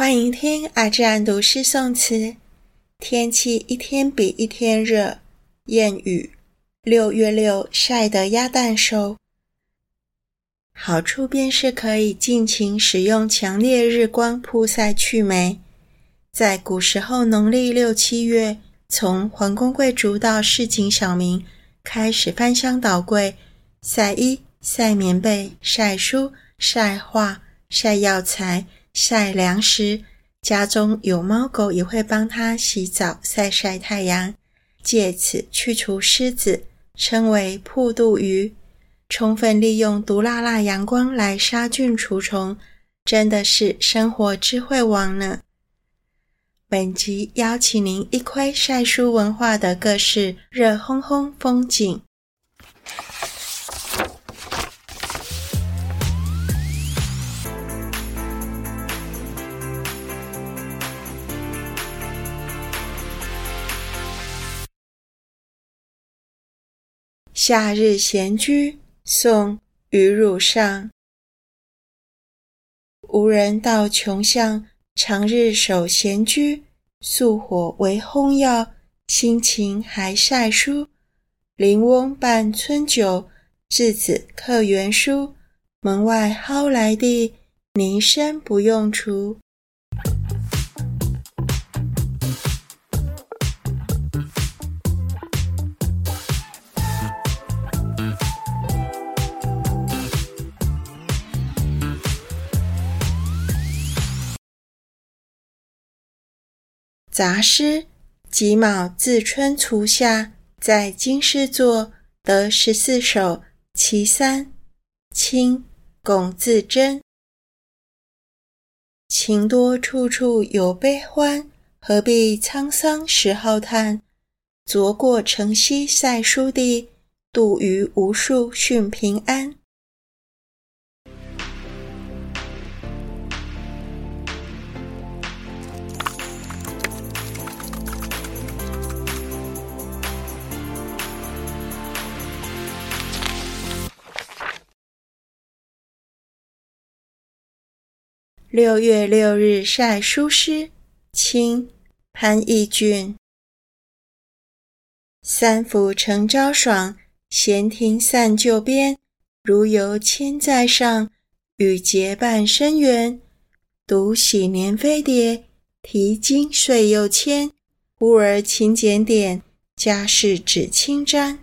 歡迎聽阿占讀詩誦詞。天氣一天比一天熱，諺語：“六月六，曬得鴨蛋熟。”好處便是可以盡情使用強烈日光曝曬去霉。在古時候，農曆六七月，從皇宮貴族到市井小民，開始翻箱倒櫃曬衣、曬棉被、曬書、曬畫、曬藥材。曬糧食，家中有貓狗也會幫它洗澡、曬曬太陽，借此去除虱子，稱為曝肚魚，充分利用毒辣辣陽光來殺菌除蟲，真的是生活智慧王呢。本集邀請您一窺曬書文化的各式熱烘烘風景。夏日閒居，宋·俞汝尚。無人到窮巷，長日守閒居。宿火惟烘藥，新晴還曬書。鄰翁伴村酒，稚子課園蔬。門外蒿萊地，泥深不用鋤。雜詩，己卯自春徂夏，在京師作得十四首，其三。清，龔自珍。情多處處有悲歡，何必滄桑始浩歎？昨過城西曬書地，蠹魚無數訊平安。六月六日曬書詩，清，潘奕雋。三伏乘朝爽，閒庭散舊編。如遊千載上，與結半生緣。讀喜年非耋，題驚歲又遷。呼兒勤檢點，家世只青氈。